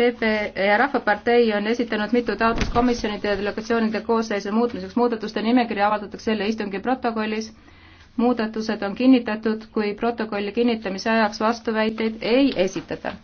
PP ja Rahvapartei on esitanud mitu taotlust komisjonide ja delegatsioonide koosseisu muutmiseks. muudatuste nimekiri avaldatakse selle istungi protokollis. muudatused on kinnitatud, kui protokolli kinnitamise ajaks vastuväiteid ei esitata